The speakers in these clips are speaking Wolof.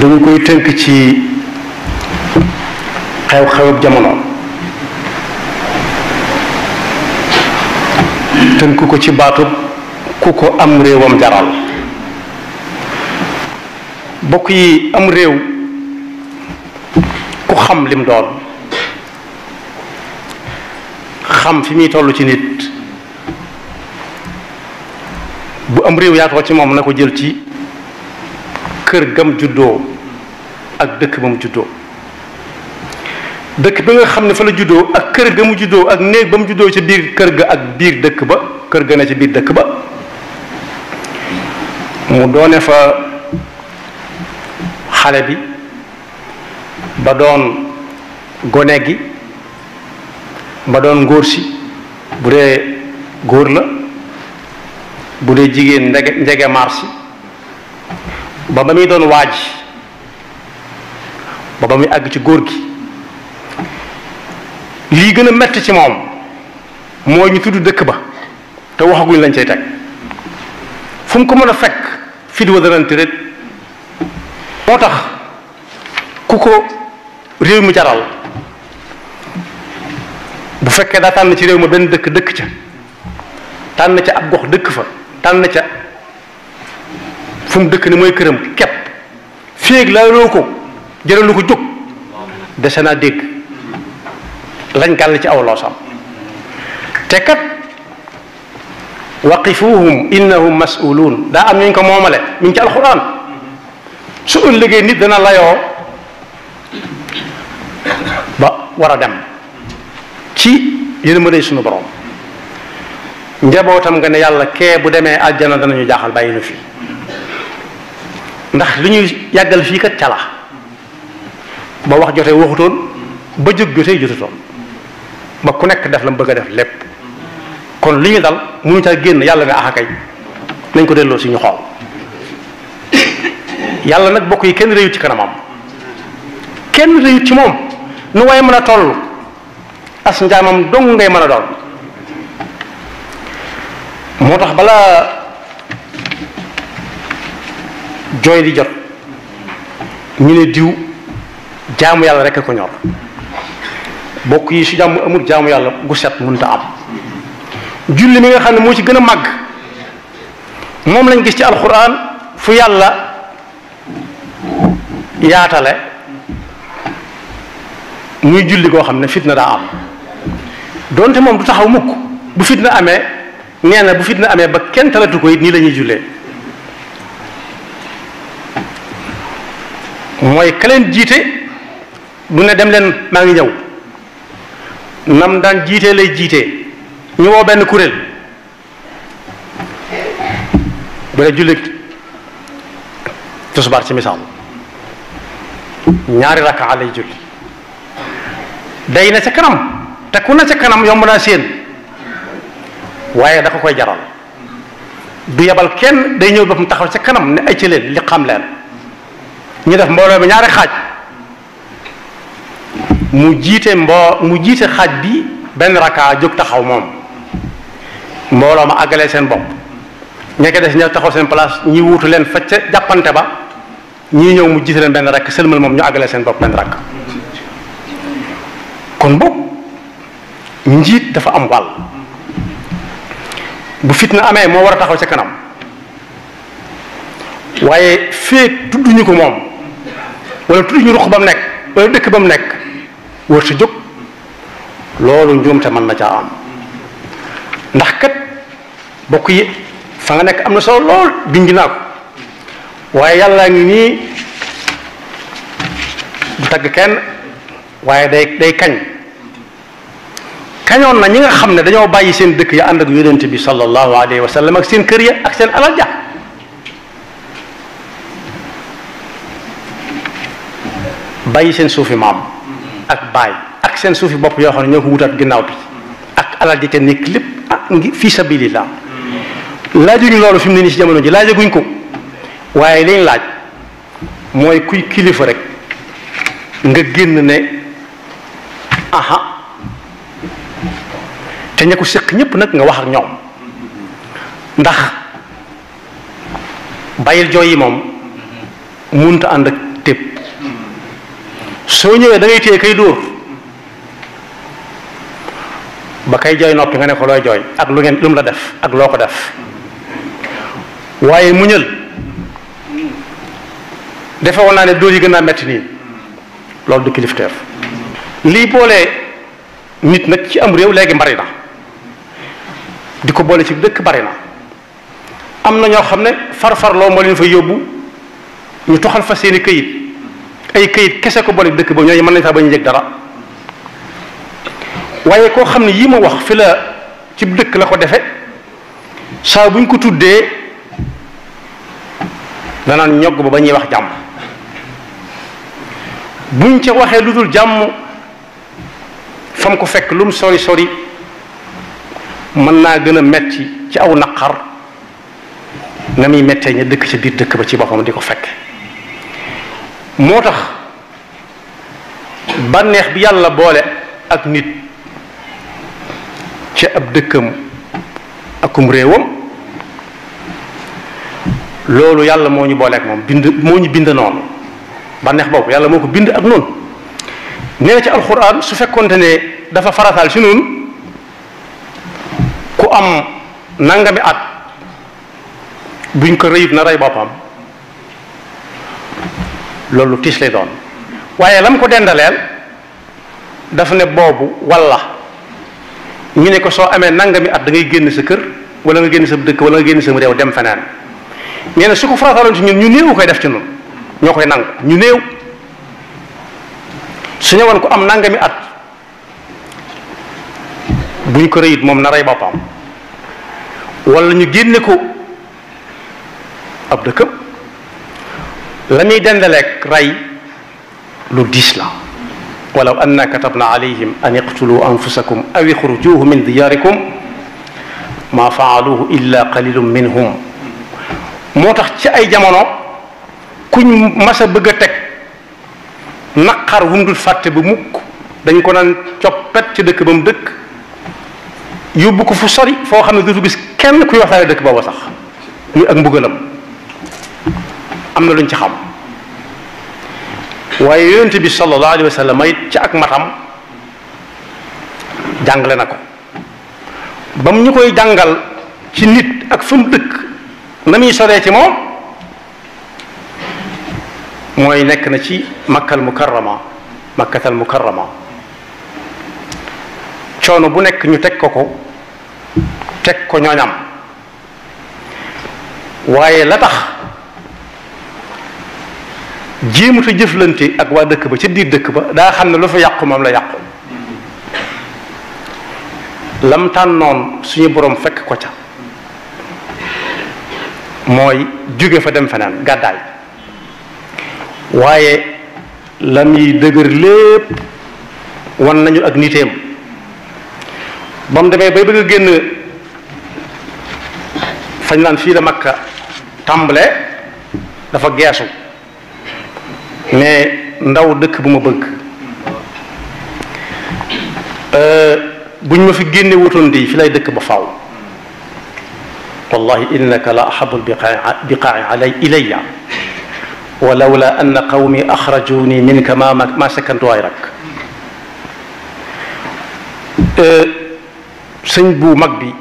dañu koy tënk ci xew-xewub jamono tënk ko ci baatu ku ko am réewam jaral bokk yi am réew ku xam lim doon xam fi muy toll ci nit bu am réew yaatoo ci moom na ko jël ci kër gam juddoo ak dëkk ba mu juddoo dëkk bi nga xam ne fa la juddoo ak kër ga mu juddoo ak néeg ba mu juddoo ci biir kër ga ak biir dëkk ba kër ga ne ci biir dëkk ba mu doone fa xale bi ba doon gone gi ba doon ngóor si bu dee góor la bu dee jigéen ndege njege marsi ba ba muy doon waaj ba ba muy àgg ci góor gi lii gën a metti ci moom mooy ñu tudd dëkk ba te waxaguñ lañ cay teg fu mu ko mën a fekk fit wa dananti rét moo tax ku ko réew mi jaral bu fekkee daa tànn ci réew ma benn dëkk dëkk ca tànn ca ab gox dëkk fa tànn ca fu mu dëkk ne mooy këram kepp féeg laaloo ko jëralu ko jóg dese naa dégg lañ gàll ci aw loosam te kat waqifuhum innahum mas'uluun daa am ñu ko moomale ñu ci alxuraan su ëllëgee nit dana layoo ba war a dem ci yéen ma day sunu borom njabootam nga ne yàlla kee bu demee àjjana danañu jaaxal bàyyi nu fii ndax li ñuy yàggal fii kat cala ba wax jotee waxutoon ba jóg jotee jotutoon ba ku nekk def la mu bëgg a def lépp kon li ñu dal mënu caa génn yàlla ne axakay ah nañ ko delloo si ñu xool yàlla nag bokk yi kenn réyut ci kanamam kenn réyut ci moom nu waaye mën a toll as njaamam dong ngay mën a doon moo tax balaa joy di jot ñu ne diw jaamu yàlla rek ko ñor bokk yi su jàmm amul jaamu yàlla gu set mënta am julli mi nga xam ne moo ci gën a màgg moom lañ gis ci alquran fu yàlla yaatale muy julli goo xam ne fitna daa am donte moom du taxaw mukk bu fitna amee nee na bu fitna amee ba kenn talatu ko it nii la ñuy jullee mooy ka jiite du ne dem leen maa ngi ñëw nam daan jiite lay jiite ñu benn kuréel bu dee jullit tisbaar ci misaal ñaari rakka lay julli day na ca kanam te ku na ca kanam yomb naa séen waaye dafa ko koy jaral du yebal kenn day ñëw mu taxaw ca kanam ne ay ci leen li xam leen ñu def mbooloo bi ñaari xaaj mu jiite mboo mu jiite xaaj bi benn rakka jóg taxaw moom mbooloo ma àggalee seen bopp ñeke des ñëw taxaw seen place ñi wuutu leen facca jàppante ba ñii ñëw mu jiite leen benn rakk sëlmal moom ñu àggalee seen bopp benn rakk kon boog njiit dafa am wàll bu fit na amee moo war a taxaw ca kanam waaye fee tudduñu ko moom wala tudd ñu ruq ba mu nekk wala dëkk ba mu nekk war sa jóg loolu njuumte man na caa am ndax kat bokk yi fa nga nekk am na solo lool dingi naa ko waaye yàllaa ngi nii du tagg kenn waaye day day kañ kañoon na ñi nga xam ne dañoo bàyyi seen dëkk ya ànd ak yonent bi sallallahu alayhi wa sallam ak seen kër ya ak seen alal ja Bayi seen suufi maam ak baay ak seen suufi bopp yoo xam ne ñoo ko wutaat ginnaaw bi ak alal di te nekk lépp ah ngi fii sabilillah laajuñu loolu fi mu ne nii si jamono ji laajaguñ ko waaye liñ laaj mooy kuy kilifa rek nga génn ne aha te ña ko séq ñépp nag nga wax ak ñoom ndax bayil jooy yi moom munta ànd soo ñëwee da ngay téye kay dóor ba kay jooy noppi nga ne ko looy jooy ak lu ngeen lu mu la def ak loo ko def waaye muñël defe naa ne dóor yi gën a metti nii loolu du kilifteef lii boolee nit nag ci am réew léegi mbari na di ko boole ci dëkk bari na am na ñoo xam ne farfarloo moo leen fa yóbbu ñu toxal fa seeni këyit ay kayit kese ko boole dëkk ba ñooy mën nañ faa ba ñu yëg dara waaye koo xam ne yii ma wax fi la cib dëkk la ko defe saa bu ñu ko tuddee danaan ñogg ba ba ñuy wax jàmm buñ ca waxee lu dul jàmm fam ko fekk lu mu sori sori mën naa gën a metti ci aw naqar na muy mettee ña dëkk ci biir dëkk ba ci boppam di ko fekk moo tax bànneex bi yàlla boole ak nit ca ab dëkkam akum réewam loolu yàlla moo ñu boole ak moom bind moo ñu bind noonu bànneex boobu yàlla moo ko bind ak noonu nee na ci alxuraan su fekkonte ne dafa farataal ci noonu ku am nangami at buñ ko rëyut na rey boppam loolu tiis lay doon waaye lam ko dendaleel dafa ne boobu walla ñu ne ko soo amee mi at da génn sa kër wala nga génn sa dëkk wala nga génn sa réew dem feneen nee na su ko farataaloon ci ñun ñu néew koy def ci ñun ñoo koy nangu ñu néew su ñëwoon ko am nangami at buñ ko rëyit moom na rey boppam wala ñu génne ko ab dëkkam la muy dendaleeg rey lu diis la walaw anna katabna alayhim an iqtulu anfusakum aw ixrujuhu min diyaarikum ma faaluhu illa qalilum minhum moo tax ci ay jamono kuñ mas a bëgg a teg naqar wu mu dul fàtte ba mukk dañ ko naan coppet ci dëkk ba mu dëkk yóbbu ko fu sori foo xam ne dootu gis kenn kuy waxtaane dëkk booba sax muy ak mbugalam am na luñ ci xam waaye yonente bi sallallahu alayhi wa ci ak matam jàngale na ko ba mu ñu koy jàngal ci nit ak fa mu dëkk na muy soree ci moom mooy nekk na ci makkal mukarrama makkatal mukarrama coono bu nekk ñu teg ko ko teg ko ñooñam waaye la tax jéemut a jëflante ak waa dëkk ba ca diir dëkk ba daa xam ne lu fa yàqu moom la yàqu lam tànnoon suñu boroom fekk ko ca mooy jóge fa dem feneen gàddaay waaye lam yi dëgër lépp wan nañu ak niteem ba demee bay bëgg a génn fañ naan fii la Makka tàmbale dafa geesu ne ndaw dëkk bu ma bëgg buñ ma fi génne wutoon di fi lay dëkk ba faaw wallahi innaka la ahabu biqaai alay ilayya ولولا أن قومي أخرجوني منك ما ما سكنت غيرك sëñ bu mag bi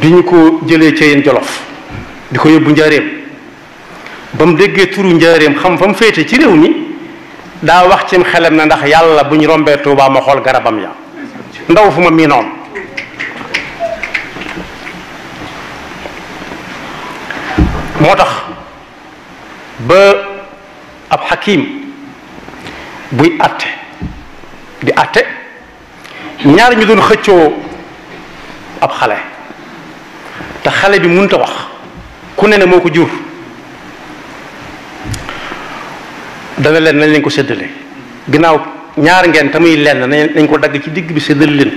bi ñu ko jëlee ca yéen Jolof di ko yóbbu njaareem ba mu déggee turu njaareem xam fa mu féete ci réew mi daa wax cim xelam na ndax yàlla bu ñu rombee Tuubaa ma xool garabam ya ndaw fu ma miinoon moo tax ba ab xakim buy àtte di àtte ñaar ñu doon xëccoo ab xale te xale bi munta wax ku ne na moo ko jur dana leen nañ leen ko séddale ginnaaw ñaar ngeen tamuy lenn nañ ko dagg ci digg bi séddale leen ko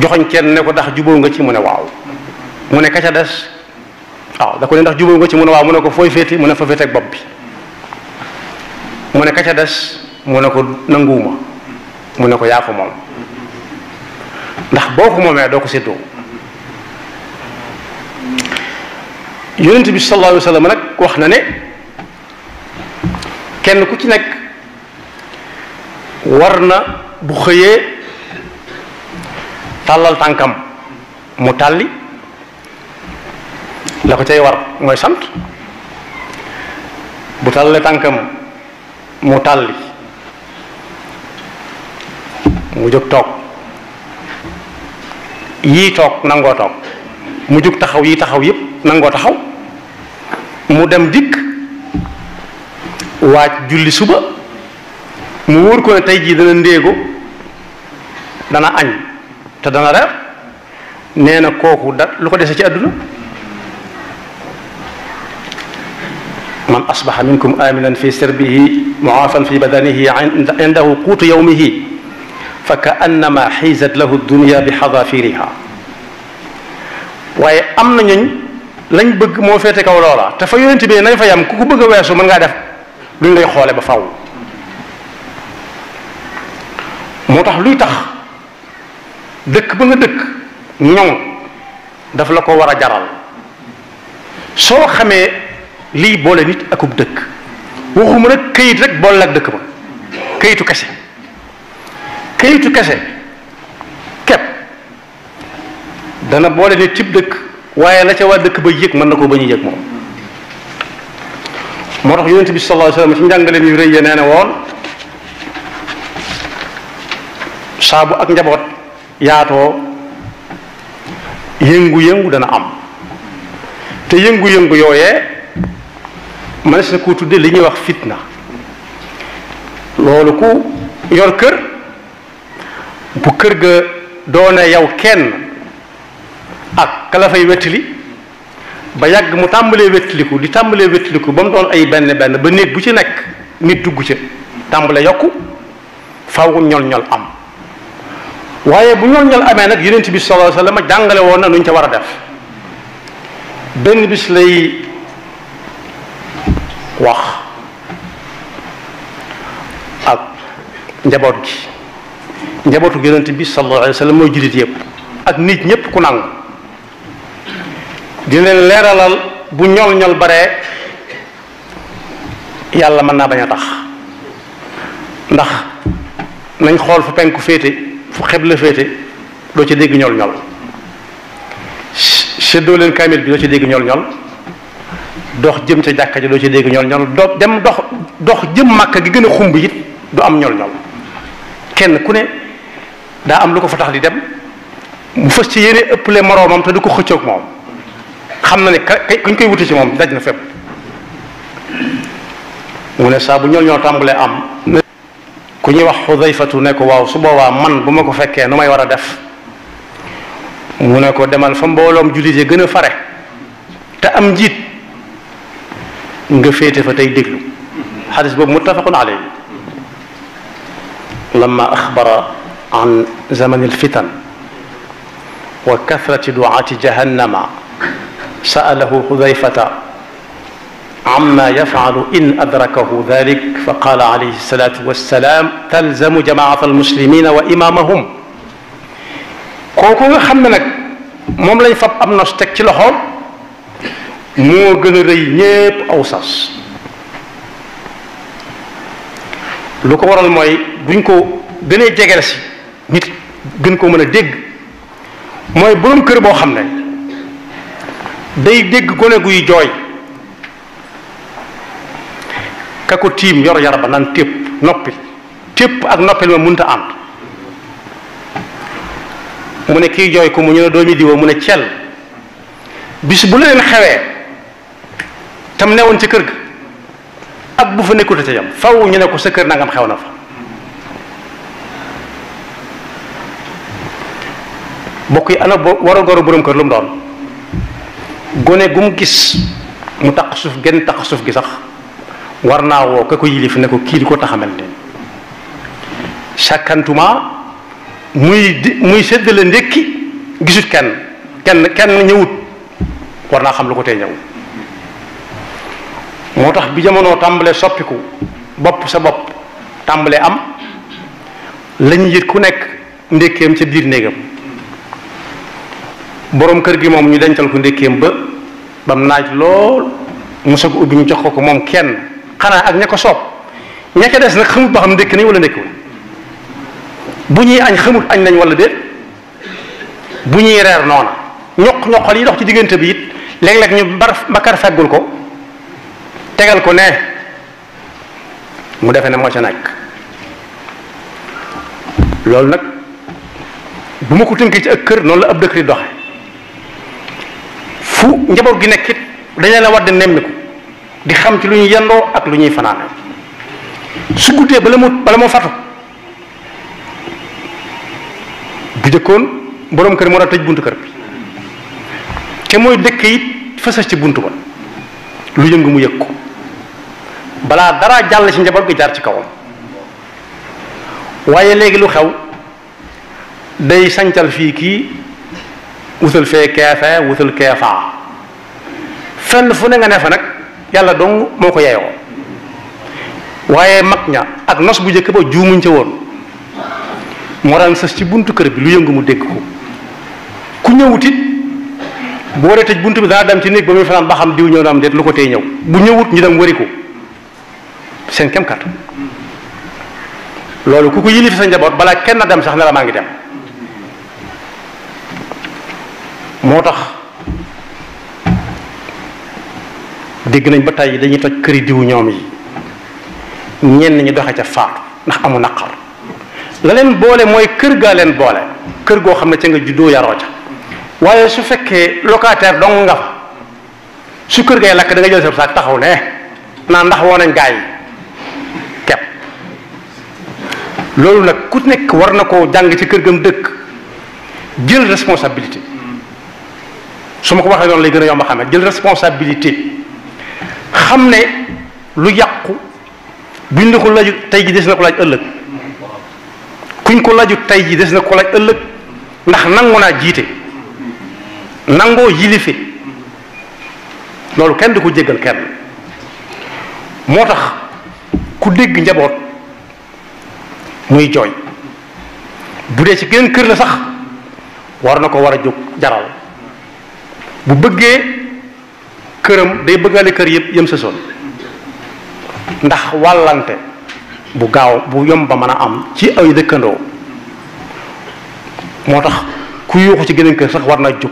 joxoñ kenn ne ko ndax jubóo nga ci mu ne waaw mu ne ka ca des waaw da ko ne ndax jubóo nga ci mu ne waaw mu ne ko fooy féete mu ne fa féete ak bopp bi mu ne ka des mu ne ko nanguwuma mu ne ko yaa moom ndax boo ko moomee doo ko séddoo yonent bi sallallahu alayhi wa sallam wax na ne kenn ku ci nekk war na bu xëyee tàllal tànkam mu tàlli la ko cay war mooy sant bu tàllalee tànkam mu tàlli mu jóg toog yii toog nangoo toog mu jóg taxaw yii taxaw yépp nangoo taxaw mu dem dikk waaj julli suba mu wóor ko ne tey jii dana ndéego dana añ te dana reer nee na kooku da lu ko dese ci àdduna man asbaha minkum aminan fi sirbihi muaafan fi badanihi indahu quutu yawmihi fa kaannama xiisat lahu dunya bi xadafiriha waaye am na ñooñ lañ bëgg moo féete kaw loola te fa yonent bi nañ fa yam ku ko bëgg a weesu mën ngaa def duñ lay xoole ba faw moo tax luy tax dëkk ba nga dëkk ñoŋ daf la ko war a jaral soo xamee lii boole nit akub dëkk waxuma rek këyit rek boole ak dëkk ba këyitu kese këyitu kese kepp dana boole nit cib dëkk waaye la ca waa dëkk ba yëg mën na ko bañ a yëg moom tax yonent bi sallallahu alayhi wa sallam ci njàngaleem yu rëy ya nee na woon saabu ak njaboot yaatoo yëngu-yëngu dana am te yëngu-yëngu yooyee mënees na koo tudde li ñuy wax fitna loolu ku yor kër bu kër ga doone yow kenn ak kala fay wettali ba yàgg mu tàmbalee wétliku di tàmbalee wétliku ba mu doon ay benn benn ba néeg bu ci nekk nit dugg ca tàmbale yokku faw ñol-ñol am waaye bu ñol-ñol amee nag yonent bi sallallahu alayhi wasallam jàngale woon na war a def benn bis lay wax ak njaboot gi njabootu yonent bi sallallahu alayhi wasallam mooy jullit yépp ak nit ñëpp ku nangu di leen leeralal bu ñol ñol bare yàlla man na baña tax ndax nañ xol fu penku fété fu xebla fété do ci deg ñol ñol ci do len kaamil bi do ci deg ñol ñol dox jëm ci jàkka ji do ci deg ñol ñol do dem dox dox jëm makka gi gëna xumbu yit du am ñol ñol kenn ku ne da am lu ko fa tax di dem mu fess ci yene ëpp le moroomam te du ko xëccok mom xam na ne ka kuñ koy wuti ci moom daj na fépp mu ne saa bu ñool ñoo tàmbalee am ku ñuy wax xudayfatu ne ko waaw su boobaa man bu ma ko fekkee nu may war a def mu ne ko demal fa mbooloom jullit yi gën a fare te am njiit nga féete fa tey déglu xadis boobu muttafaqun alayhi lama axbara an zamani alfitan wa kathrati duaati jahannama سأله حذيفة عما يفعل إن أدركه ذلك فقال عليه الصلاة والسلام تلزم جماعة المسلمين وإمامهم كوكو خمنك موم لاي فاب امنا ستك سي لخوم مو غن ري نييب اوساس لوكو ورال موي بونكو غني جيغال سي نيت غن كو مانا ديغ موي بروم كير بو خامني day dégg gone guy jooy ka ko tiim yor yara ba naan tépp noppil tépp ak noppil ma munta ànd mu ne kii jooy ko mu ñu ne doomi diwa mu ne cel bis bu leen xewee tam newoon ci kër ga ak bu fa nekkul ca yam faw ñu ne ko sa kër nangam xew na fa bokk yi ana waroon góoru borom kër lu mu doon gone gu mu gis mu taq suuf genn taq suuf gi sax war naa woo ka ko yilif ne ko kii di ko taxamal ne sàkkantuma muy di muy séddale ndékki gisut kenn kenn kenn ñëwut war naa xam lu ko tey ñëw moo tax bi jamono tàmbalee soppiku bopp sa bopp tàmbalee am lañu yët ku nekk ndékkeem ca biir néegam boroom kër gi moom ñu dencal ko ndékkeem ba bam naaj lool mu soog ubbi ñu jox ko ko moom kenn xanaa ak ña ko soob ña ca des nag xamut ba xam ndékk nañ walla ndékkul bu ñuy añ xamut añ nañ wala déet bu ñuy reer noona ñoq ñoqal yi dox ci diggante bi it léeg-léeg ñu bar bakar feggul ko tegal ko ne mu defe ne moo ca nekk loolu nag bu ma ko tënkee ci ak kër noonu la ab dëkk di doxe fu njaboot gi nekk it dañ leen a war nemmiku di xam ci lu ñuy yendoo ak lu ñuy fanaane su guddee bala mu bala moo fatu bu jëkkoon borom kër moo daa tëj bunt kër bi te mooy dëkk it fësas ci buntu ba lu yëngu mu yëg ko balaa dara jàll ci njaboot gi jaar ci kawam waaye léegi lu xew day sancal fii kii wutal fe keefee wutal keefaa fenn fu ne nga ne fa nag yàlla dong moko ko waye waaye ak nos bu jekk ba juumun ci won mo ran sa ci buntu keur bi lu yëngu mu dégg ko ku ñëwutit bo re tej buntu bi da dam ci neeg ba muy ba xam diw ñew na am lu ko tey ñew bu ñewut ñu dem wari ko sen kem kat lolu ku ko yilif sa njabot bala kenn dem sax na la ma ngi dem motax deg nañ ba tay dañuy toj crédit wu ñom yi ñen ñi doxe ca faatu ndax amu naqar la leen boole mooy kër ga leen boole kër goo xam ne ca nga juddoo yaroo ca waaye su fekkee locataire dong nga fa su kër gay lakk da nga jël sa saak taxaw ne naa ndax woo nañ gaay kep loolu nag ku nekk war na koo jàng ci kër gam dëkk jël responsabilité su ma ko waxee noonu lay gën a yomb a xamee jël responsabilité xam ne lu yàqu buñ la ko laju tey ji des na ko laaj ëllëg kuñ ko laju tey ji des na ko laaj ëllëg ndax nangu naa jiite nangoo yilife loolu kenn du ko jéggal kenn moo tax ku dégg njaboot muy jooy bu dee ci geneen kër la sax war na ko war a jóg jaral bu bëggee këram day bëggale kër yëpp yëm sa soon ndax wàllante bu gaaw bu yomb ba mën a am ci ay dëkkandoo moo tax ku yuuxu ci geneen kër sax war naa jóg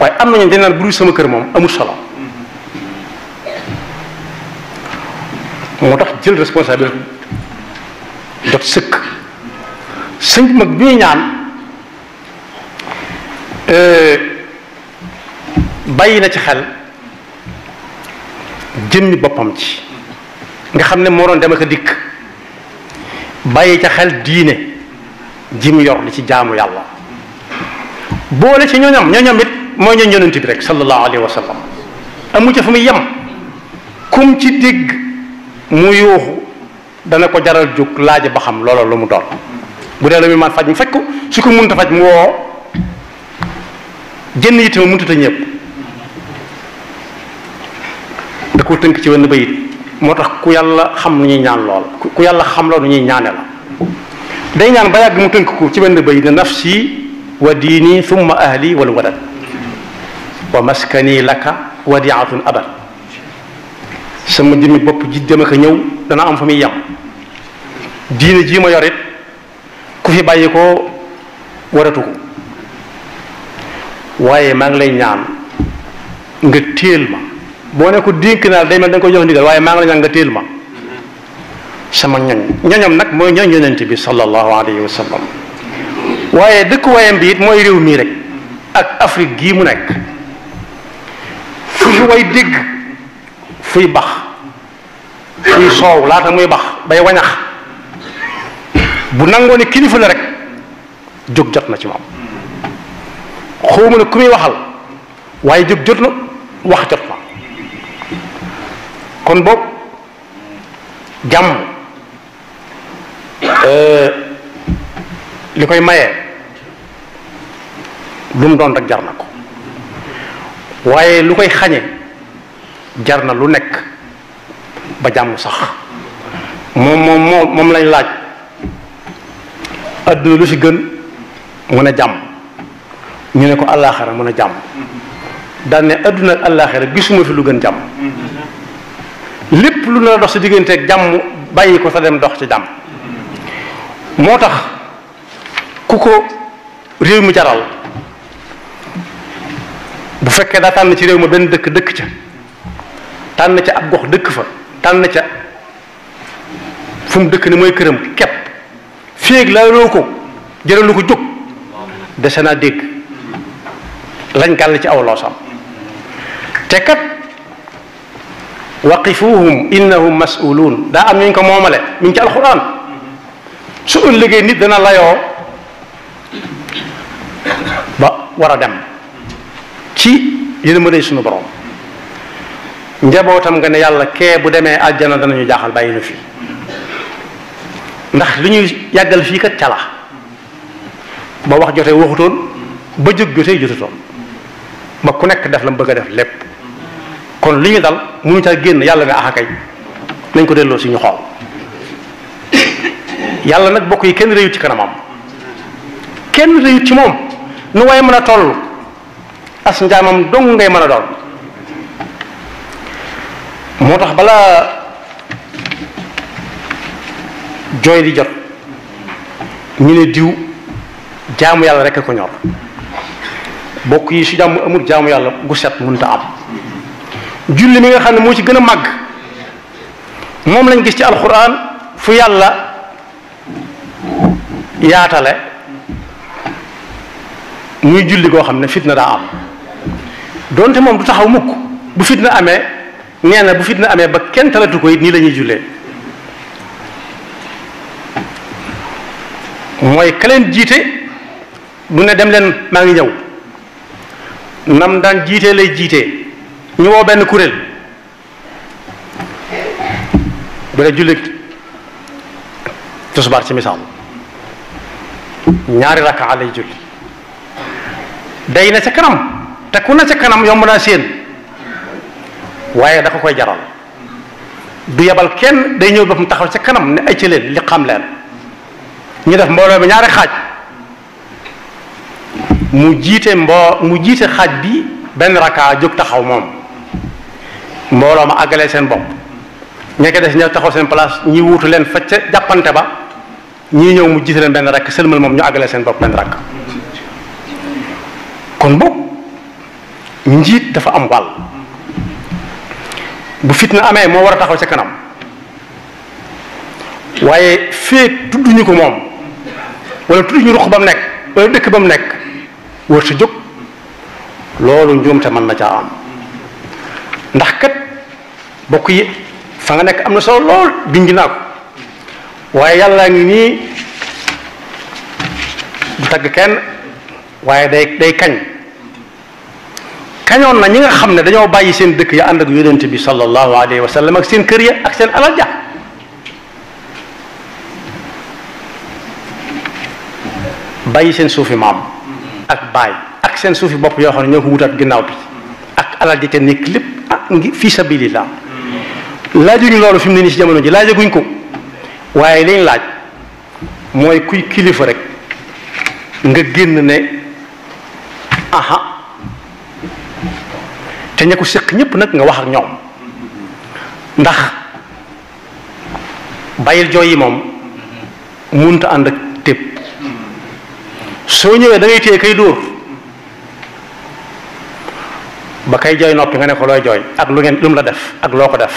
waaye am nañu dañ naan bu dul sama kër moom amul solo moo tax jël responsabilité jot sëkk sëñ mag bi ñaan euh, bàyyi na ci xel jëmmi boppam ci nga xam ne moo doon dem ak dikk bàyyi ca xel diine ji mu yor li ci jaamu yàlla boole ci ñooñam ñooñam it mooy ñooñ yonent bi rek sallallahu alayhi wa sallam amu ca fu yem kum ci dégg mu dana ko jaral jóg laaj ba xam loola lu mu doon bu dee la muy man faj mu faj su ko mënut faj mu woo jënn itam mënut a ñëpp ko teunk ci wenn bayit motax ku yàlla xam lu ñuy ñaan lool ku yàlla xam la lu ñuy ñaane la day ñaan ba yag mu teunk ko ci benn bayit nafsi wa dini thumma ahli wal walad wa maskani laka wadiatun abad sama jimi bop ji dem ak ñëw dana am fami yam yem diine jii ma yorit ku fi bayiko ko waratu ko waaye maa ngi lay ñaan nga téel ma boone ko dink na day mel dang ko jox ndigal waaye maa ngi la nga téel ma sama ñan ñanam nak moy ñan yonent bi sallallahu alayhi wa sallam waaye dëkk wayam bi moy rew mi rek ak afrique gi mu nek fuy way deg fuy bax fuy soow laata muy bax bay wañax bu nangoni kilifa la rek jog jot na ci mom xawma ne ku waxal waye jog jot na wax jot na kon boob jàmm euh, li koy maye lu mu doon rek jar na ko waaye lu koy xañe jar na lu nekk ba jàmm sax moom moom moom lañ laaj adduna lu ci gën mën a jàmm ñu ne ko àllaaxara mën a jàmm daan ne adduna ak àllaaxara gisuma fi lu gën jàmm lépp lu na dox sa diggante ak jàmm bàyyi ko sa dem dox ci jàmm moo tax ku ko réew mi jaral bu fekkee daa tànn ci réew ma benn dëkk dëkk ca tànn ca ab gox dëkk fa tànn ca fu dëkk ne mooy këram kepp féeg laa loo ko jëralu ko jóg dese naa dégg lañ gàll ci aw loosam te kat waqifuhum innahum mas'uluun daa am ñu ko moomale mi ngi ci alquran su ëllëgee nit dana layoo ba war a dem ci yéen ma day sunu borom njabootam nga ne yàlla kee bu demee àjjana danañu jaaxal bàyyi nu fi ndax li ñuy yàggal fii kat cala ba wax jotee waxutoon ba jóg jotee jotutoon ba ku nekk def la mu bëgg a def lépp kon li ñu dal mënu caa génn yàlla ne ax akay nañ ko delloo si ñu xool yàlla nag bokk yi kenn réyut ci kanamam kenn réyut ci moom nu waaye mën a toll as njaamam dong ngay mën a doon moo tax balaa jooy di jot ñu ne diw jaamu yàlla rekk ko ñor bokk yi su jàmm amul jaamu yàlla gu set mënut a am julli mi nga xamne mo ci gëna mag mom lañu gis ci alquran fu yàlla yaatale muy julli go xamne fitna da am donte mom du taxaw mukk bu fitna amé nee bu fitna amé ba kën talatu ko ni lañuy la moy jullee jité bu ne dem len ma ngi ñëw nam daan jité lay jité ñu benn kuréel bu dee jullit tisbaar ci misaal ñaari rakka lay julli day na ca kanam te ku na ca kanam yomb naa séen waaye da ko koy jaral du yebal kenn day ñëw ba mu taxaw ca kanam ne ay ci leen li xam leen ñu def mbooloo bi ñaari xaaj mu jiite mboo mu jiite xaaj bi benn rakka jóg taxaw moom mbooloo ma àggalee seen bopp ñeke des ñëw taxaw seen place ñi wuutu leen faj ca jàppante ba ñii ñëw mu jiite leen benn rakk sëlmal moom ñu àggalee seen bopp benn rakk kon boog njiit dafa am wàll bu fitna amee moo war a taxaw ca kanam waaye fee tudduñu ko moom wala tudduñu ruq ba mu nekk wala dëkk ba mu nekk wër sa jóg loolu njuumte mën na caa am ndax kat bokk yi fa nga nek amna solo lol bind naa ko waye yalla ngi ni tag ken waye day day kagn kagnon na ñi nga xamne dañu bayyi seen dekk ya and ak yonent bi sallallahu alayhi wa sallam ak seen kër ya ak seen alal ja bayyi seen suufi maam ak bay ak seen suufi bop yo xam ñoko wutat ginaaw bi ak alal ji te nekk lépp ah ngi fi sabilillah laajuñu loolu fim ne nii si jamono ji laajaguñ ko waaye liñ laaj mooy kuy kilifa rek nga génn ne aha te ña ko séq ñépp nag nga wax ak ñoom ndax bàyyil jooy yi moom munta ànd ak tépp soo ñëwee da téye kay dóor bakay joy nopi nga ne ko loy joy ak lu ngeen lu la def ak loko def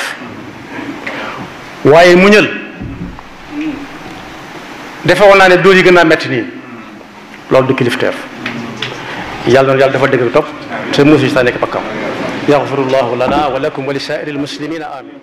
waye muñal defa woon naa ne dóor yi gëna metti ni lolou du kilifteef yàlla na yàlla dafa dëgg top te musu sa nek pakam yaghfirullahu lana wa lakum wa lisa'iril muslimina amin